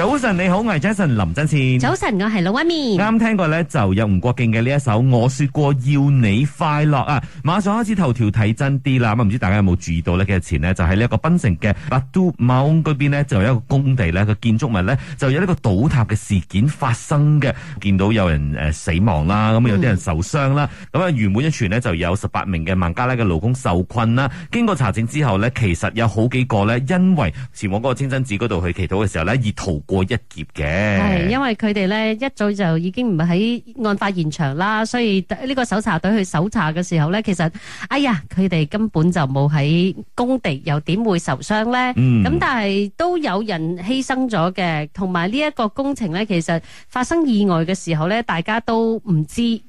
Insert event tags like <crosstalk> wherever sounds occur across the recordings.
早晨你好，我係 Jason 林振倩。早晨，我係老一面。啱聽過呢，就有吳國敬嘅呢一首《我說過要你快樂》啊！馬上開始頭條睇真啲啦。咁唔知大家有冇注意到呢？幾日前呢，就喺呢一個檳城嘅 Batu Maung 嗰邊呢，就有一個工地呢，個建築物呢，就有呢個倒塌嘅事件發生嘅。見到有人誒死亡啦，咁有啲人受傷啦。咁、嗯、啊，原本一傳呢，就有十八名嘅孟加拉嘅勞工受困啦。經過查證之後呢，其實有好幾個呢，因為前往嗰個清真寺嗰度去祈禱嘅時候呢，而逃過一劫嘅，係因為佢哋咧一早就已經唔係喺案發現場啦，所以呢個搜查隊去搜查嘅時候咧，其實哎呀，佢哋根本就冇喺工地，又點會受傷咧？咁但係都有人犧牲咗嘅，同埋呢一個工程咧，其實發生意外嘅時候咧，大家都唔知。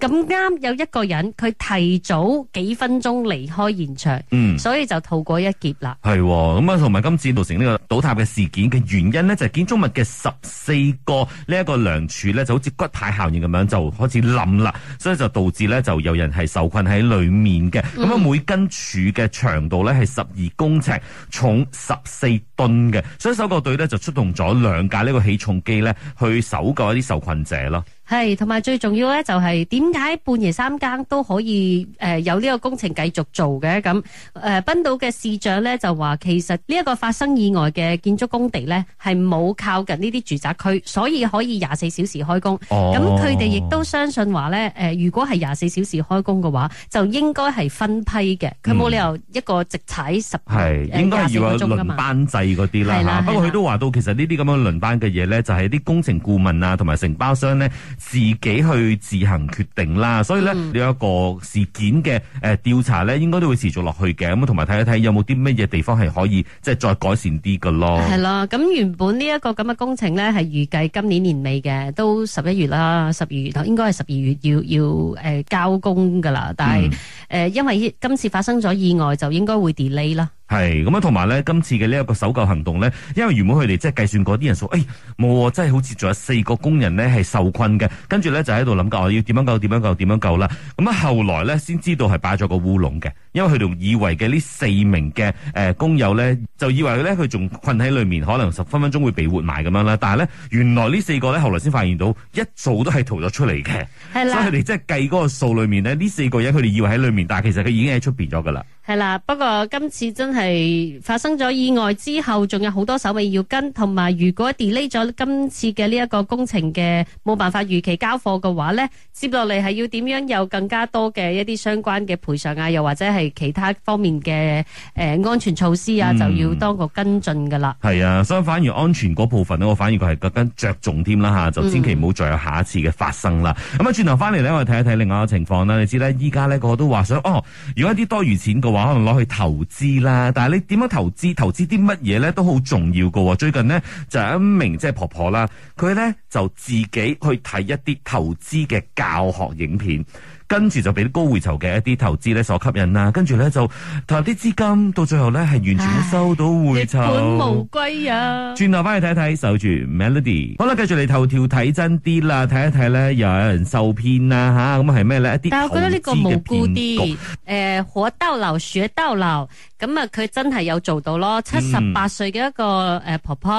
咁啱有一個人佢提早幾分鐘離開現場，嗯，所以就逃過一劫啦。係，咁啊，同埋今次造成呢個倒塌嘅事件嘅原因呢，就係建築物嘅十四個呢一個梁柱咧，就好似骨牌效應咁樣就開始冧啦，所以就導致咧就有人係受困喺裏面嘅。咁、嗯、啊，每根柱嘅長度咧係十二公尺，重十四噸嘅，所以搜救隊呢，就出動咗兩架呢個起重機咧去搜救一啲受困者咯。係，同埋最重要咧，就係點解半夜三更都可以誒、呃、有呢個工程繼續做嘅？咁、呃、誒，賓島嘅市長咧就話，其實呢一個發生意外嘅建築工地咧係冇靠近呢啲住宅區，所以可以廿四小時開工。咁佢哋亦都相信話咧，誒、呃、如果係廿四小時開工嘅話，就應該係分批嘅，佢、嗯、冇理由一個直踩十，係應該要輪班制嗰啲啦。不過佢都話到，其實呢啲咁樣輪班嘅嘢咧，就係、是、啲工程顧問啊，同埋承包商咧，自己去自行決定啦，所以咧呢一個事件嘅誒調查咧，應該都會持續落去嘅。咁同埋睇一睇有冇啲乜嘢地方係可以即係再改善啲㗎咯。係咯，咁原本呢一個咁嘅工程咧係預計今年年尾嘅，都十一月啦，十二月頭應該係十二月要要誒交工噶啦。但係誒、嗯、因為今次發生咗意外，就應該會 delay 啦。係咁啊，同埋咧，今次嘅呢一個搜救行動咧，因為原本佢哋即係計算嗰啲人數，誒、哎、冇，真係好似仲有四個工人咧係受困嘅，跟住咧就喺度諗緊，我、哦、要點樣救？點樣救？點樣救啦？咁啊，後來咧先知道係擺咗個烏龍嘅，因為佢哋以為嘅呢四名嘅誒工友咧，就以為咧佢仲困喺裏面，可能十分分鐘會被活埋咁樣啦。但係咧，原來呢四個咧後來先發現到，一早都係逃咗出嚟嘅。係啦，所以你即係計嗰個數裏面咧，呢四個人佢哋以為喺裏面，但係其實佢已經喺出邊咗㗎啦。係啦，不過今次真係發生咗意外之後，仲有好多手尾要跟，同埋如果 delay 咗今次嘅呢一個工程嘅冇辦法如期交貨嘅話咧，接落嚟係要點樣有更加多嘅一啲相關嘅賠償啊，又或者係其他方面嘅誒、呃、安全措施啊，就要當個跟進噶啦。係、嗯、啊，所以反而安全嗰部分呢，我反而佢係更加着重添啦吓，就千祈唔好再有下一次嘅發生啦。咁、嗯、啊，轉頭翻嚟咧，我哋睇一睇另外一個情況啦。你知咧，依家呢個個都話想哦，如果一啲多餘錢話可能攞去投資啦，但係你點樣投資？投資啲乜嘢咧都好重要噶。最近咧就有一名即係婆婆啦，佢咧就自己去睇一啲投資嘅教學影片。跟住就俾啲高回酬嘅一啲投資咧所吸引啦，跟住咧就投啲資金，到最後咧係完全都收到回酬，血本無歸啊！轉頭翻去睇睇，守住 Melody，好啦，繼續嚟頭條睇真啲啦，睇一睇咧又有人受騙啦、啊、吓，咁係咩咧？一啲投資嘅騙局，這個無辜啲誒，活到老學到老。咁啊，佢真係有做到咯，七十八歲嘅一個誒婆婆，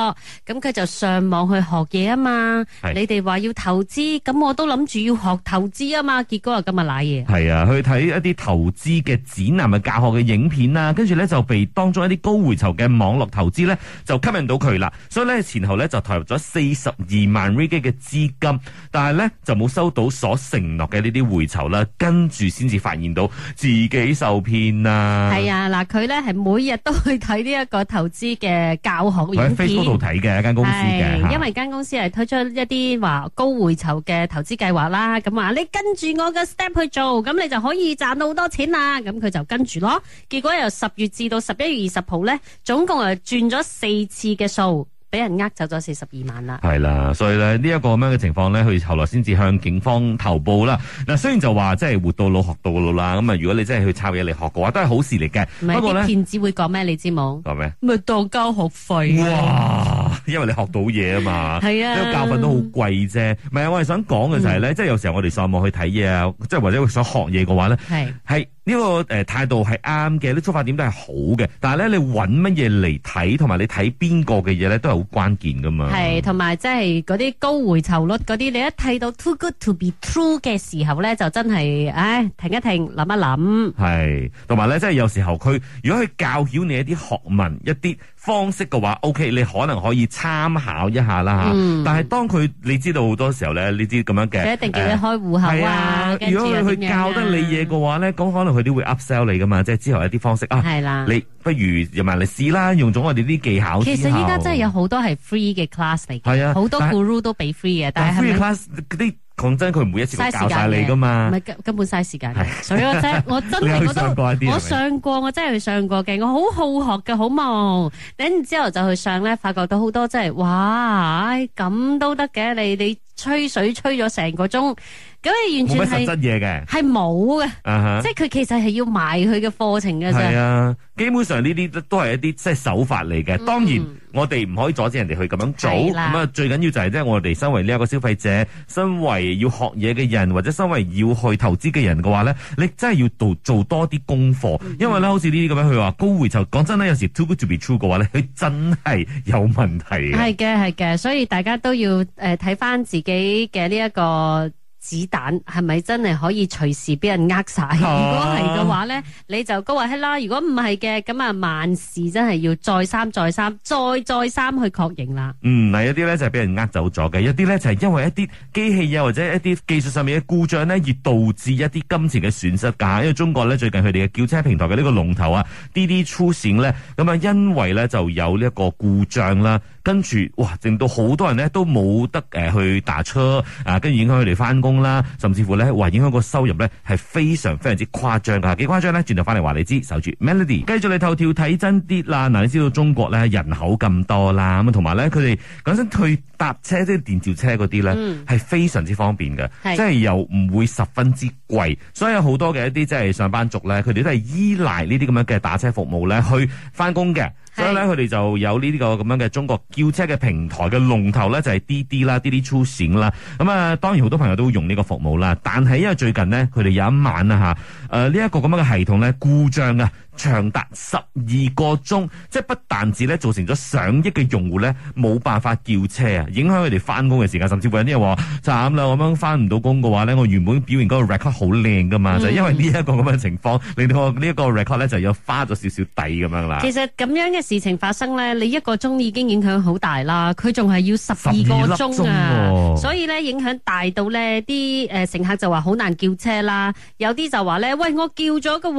咁、嗯、佢就上網去學嘢啊嘛。你哋話要投資，咁我都諗住要學投資啊嘛。結果啊，今日瀨嘢。係啊，去睇一啲投資嘅展覽啊、嘅教學嘅影片啦，跟住咧就被當中一啲高回酬嘅網絡投資咧，就吸引到佢啦。所以咧前後咧就投入咗四十二萬令吉嘅資金，但係咧就冇收到所承諾嘅呢啲回酬啦。跟住先至發現到自己受騙啊。係啊，嗱佢，係每日都去睇呢一個投資嘅教學影片，喺 Facebook 度睇嘅一間公司嘅。因為間公司係推出一啲話高回酬嘅投資計劃啦，咁話你跟住我嘅 step 去做，咁你就可以賺到好多錢啦，咁佢就跟住咯，結果由十月至到十一月二十號咧，總共係轉咗四次嘅數。俾人呃走咗四十二萬啦，係啦，所以咧呢一個咁樣嘅情況咧，佢後來先至向警方投報啦。嗱，雖然就話即係活到老學到老啦，咁啊，如果你真係去抄嘢嚟學嘅話，都係好事嚟嘅。不過咧，騙子會講咩？你知冇？講咩？咪當交學費？哇！因為你學到嘢啊嘛，係 <laughs> 啊，呢個教訓都好貴啫。唔係，我係想講嘅就係咧，即係有時候我哋上網去睇嘢啊，即係或者想學嘢嘅話咧，係係。呢個誒態度係啱嘅，啲出發點都係好嘅。但係咧，你揾乜嘢嚟睇，同埋你睇邊個嘅嘢咧，都係好關鍵噶嘛。係，同埋即係嗰啲高回酬率嗰啲，你一睇到 too good to be true 嘅時候咧，就真係，唉，停一停，諗一諗。係，同埋咧，即係有時候佢如果佢教曉你一啲學問，一啲方式嘅話，OK，你可能可以參考一下啦吓、嗯。但係當佢你知道好多時候咧，呢啲咁樣嘅，佢一定叫你開戶口啊。啊如果佢佢你去教得你嘢嘅話咧，咁可能佢都會 up sell 你噶嘛，即、就、係、是、之後一啲方式啊。係、啊、啦、啊，你不如又埋嚟試啦，用咗我哋啲技巧。其實而家真係有好多係 free 嘅 class 嚟嘅，好、啊、多 guru 都俾 free 嘅，但係 free 是是 class 啲。講真，佢唔會一直教晒你噶嘛，唔係根根本嘥時間。所以我真，我真，我都我上過，我真係去上過嘅，我好好學嘅，好冇。等之後就去上咧，發覺到好多真係，哇，咁都得嘅。你你吹水吹咗成個鐘，咁你完全係冇乜實質嘢嘅，係冇嘅。嗯哼，即係佢其實係要賣佢嘅課程嘅啫。係啊，基本上呢啲都都係一啲即係手法嚟嘅，當然。我哋唔可以阻止人哋去咁樣做，咁啊最緊要就係即係我哋身為呢一個消費者，身為要學嘢嘅人，或者身為要去投資嘅人嘅話咧，你真係要做做多啲功課，因為咧好似呢啲咁樣，去、嗯、話高回報講真咧有時 too good to be true 嘅話咧，佢真係有問題。係嘅，係嘅，所以大家都要誒睇翻自己嘅呢一個。子彈係咪真係可以隨時俾人呃晒，啊？如果係嘅話咧，你就高話嗨啦。如果唔係嘅，咁啊萬事真係要再三、再三、再再三去確認啦。嗯，嗱，有啲咧就係俾人呃走咗嘅，一啲咧就係因為一啲機器啊或者一啲技術上面嘅故障咧，而導致一啲金錢嘅損失噶。因為中國咧最近佢哋嘅叫車平台嘅呢個龍頭啊，滴滴出行咧，咁啊因為咧就有呢一個故障啦。跟住哇，剩到好多人咧都冇得誒、呃、去打車啊，跟住影響佢哋翻工啦，甚至乎咧哇、呃，影響個收入咧係非常非常之誇張噶，幾誇張咧？轉頭翻嚟話你知，守住 Melody，繼續嚟頭條睇真啲啦。嗱、呃，你知道中國咧人口咁多啦，咁同埋咧佢哋講真，佢搭車即係電召車嗰啲咧係非常之方便嘅，即係又唔會十分之貴，所以有好多嘅一啲即係上班族咧，佢哋都係依賴呢啲咁樣嘅打車服務咧去翻工嘅，所以咧佢哋就有呢、這、啲個咁樣嘅中國。叫車嘅平台嘅龍頭咧就係滴滴啦、滴滴出行啦，咁啊當然好多朋友都用呢個服務啦，但係因為最近呢，佢哋有一晚啊嚇，誒呢一個咁樣嘅系統咧故障啊。長達十二個鐘，即係不但止咧，造成咗上億嘅用戶咧冇辦法叫車啊，影響佢哋翻工嘅時間，甚至乎有啲人話慘啦，我咁樣翻唔到工嘅話咧，我原本表現嗰個 record 好靚噶嘛，嗯、就係、因為呢一個咁嘅情況，令到我呢一個 record 咧就要花咗少少底咁樣啦。其實咁樣嘅事情發生咧，你一個鐘已經影響好大啦，佢仲係要十二個個鐘啊，所以咧影響大到咧啲誒乘客就話好難叫車啦，有啲就話咧喂，我叫咗噶，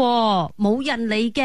冇人理。」嘅，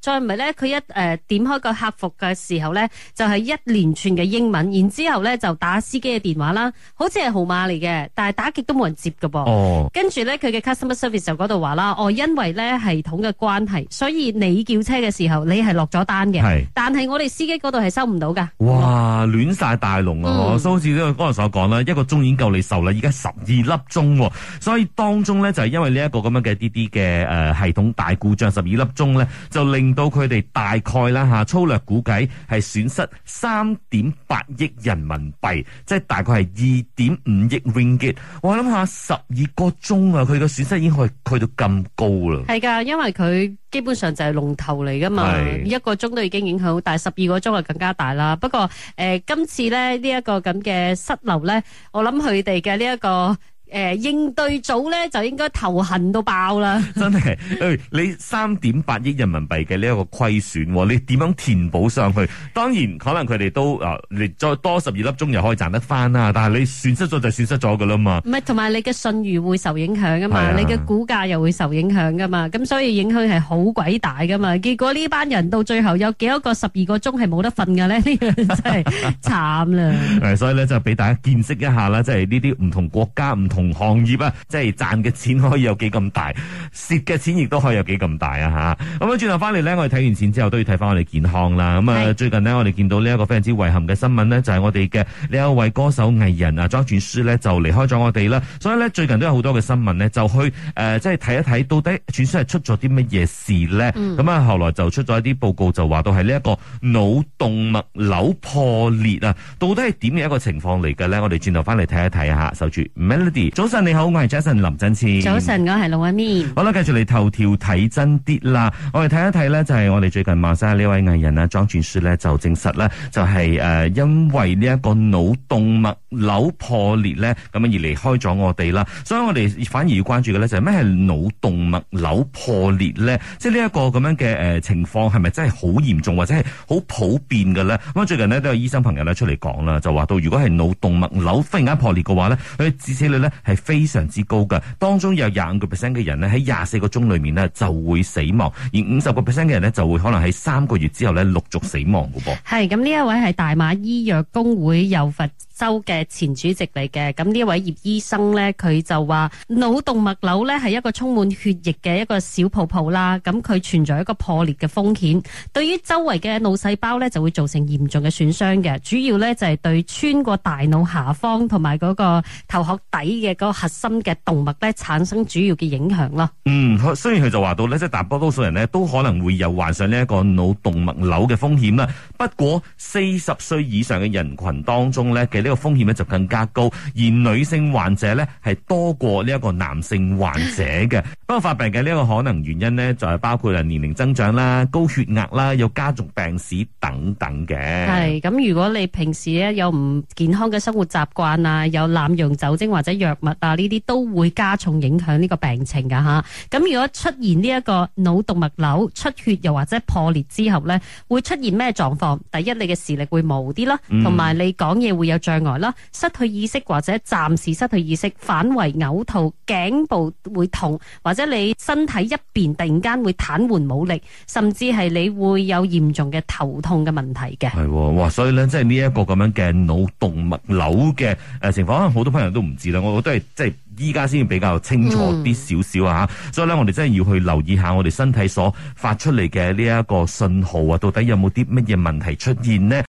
再唔係咧，佢一誒、呃、點開個客服嘅時候咧，就係、是、一連串嘅英文，然之後咧就打司機嘅電話啦，好似係號碼嚟嘅，但係打極都冇人接噶噃。哦，跟住咧佢嘅 customer service 就嗰度話啦，哦，因為咧系統嘅關係，所以你叫車嘅時候，你係落咗單嘅，但係我哋司機嗰度係收唔到噶。哇，亂晒大龍啊、嗯，所以好似剛才所講啦，一個鐘已經夠你受啦，而家十二粒鐘，所以當中咧就係、是、因為呢一個咁樣嘅啲啲嘅誒系統大故障，十二粒鐘。咧就令到佢哋大概啦吓，粗略估計係損失三點八億人民幣，即係大概係二點五億 Ringgit。我諗下十二個鐘啊，佢個損失已經可以去到咁高啦。係噶，因為佢基本上就係龍頭嚟噶嘛，一個鐘都已經影響好大，但係十二個鐘就更加大啦。不過誒，今次咧呢一個咁嘅失流咧，我諗佢哋嘅呢一個。誒、欸，應對組咧就應該頭痕到爆啦！真係、欸，你三點八億人民幣嘅呢一個虧損，你點樣填補上去？當然，可能佢哋都、呃、了了啊，你再多十二粒鐘又可以賺得翻啦。但係你損失咗就損失咗噶啦嘛。唔係，同埋你嘅信譽會受影響噶嘛，你嘅股價又會受影響噶嘛。咁所以影響係好鬼大噶嘛。結果呢班人到最後有幾多個十二個鐘係冇得瞓噶咧？呢樣真係慘啦。誒，所以咧就俾大家見識一下啦，即係呢啲唔同國家唔同行業啊，即係賺嘅錢可以有幾咁大，蝕嘅錢亦都可以有幾咁大啊！吓、嗯，咁啊，轉頭翻嚟咧，我哋睇完錢之後都要睇翻我哋健康啦。咁、嗯、啊，最近呢，我哋見到呢一個非常之遺憾嘅新聞呢，就係、是、我哋嘅呢一位歌手藝人啊，莊俊書咧就離開咗我哋啦。所以呢，最近都有好多嘅新聞呢，就去誒、呃，即係睇一睇到底俊書係出咗啲乜嘢事呢。咁、嗯、啊，後來就出咗一啲報告，就話到係呢一個腦動脈瘤破裂啊，到底係點嘅一個情況嚟嘅呢？我哋轉頭翻嚟睇一睇下守住 Melody。早晨你好，我係 Jason 林振翅。早晨，我係龍 Amy。好啦，繼續嚟，頭條睇真啲啦。我哋睇一睇呢，就係、是、我哋最近話晒呢位藝人啊，莊傳書呢，就證實呢，就係誒，因為呢一個腦動脈瘤，瘤破裂呢，咁、就是、樣而離開咗我哋啦。所以我哋反而要關注嘅呢，就係咩係腦動脈瘤破裂呢？即係呢一個咁樣嘅誒情況，係咪真係好嚴重或者係好普遍嘅呢？咁最近呢，都有醫生朋友呢出嚟講啦，就話到如果係腦動脈瘤忽然間破裂嘅話你呢，佢致死率呢。係非常之高噶，當中有廿五個 percent 嘅人咧，喺廿四個鐘裏面咧就會死亡，而五十個 percent 嘅人咧就會可能喺三個月之後咧陸續死亡嘅噃。係，咁呢一位係大馬醫藥工會有佛州嘅前主席嚟嘅，咁呢位葉醫生呢，佢就話腦動脈瘤呢係一個充滿血液嘅一個小泡泡啦，咁佢存在一個破裂嘅風險，對於周圍嘅腦細胞呢就會造成嚴重嘅損傷嘅，主要呢就係對穿過大腦下方同埋嗰個頭殼底嘅個核心嘅動脈呢產生主要嘅影響咯。嗯，雖然佢就話到呢即係大多多數人呢都可能會有患上呢一個腦動脈瘤嘅風險啦，不過四十歲以上嘅人群當中呢。呢、這個風險咧就更加高，而女性患者咧係多過呢一個男性患者嘅。不 <laughs> 過發病嘅呢個個可能原因呢，就係包括啊年齡增長啦、高血壓啦、有家族病史等等嘅。係咁，如果你平時咧有唔健康嘅生活習慣啊，有濫用酒精或者藥物啊，呢啲都會加重影響呢個病情㗎吓。咁如果出現呢一個腦動脈瘤出血又或者破裂之後呢，會出現咩狀況？第一，你嘅視力會冇啲啦，同、嗯、埋你講嘢會有意外啦，失去意識或者暫時失去意識，反胃嘔吐，頸部會痛，或者你身體一邊突然間會癱瘓冇力，甚至係你會有嚴重嘅頭痛嘅問題嘅。係，哇！所以咧，即係呢一個咁樣嘅腦動脈瘤嘅誒情況，可能好多朋友都唔知啦。我覺得係即係依家先比較清楚啲少少啊。吓，所以咧，我哋真係要去留意下我哋身體所發出嚟嘅呢一個信號啊，到底有冇啲乜嘢問題出現呢？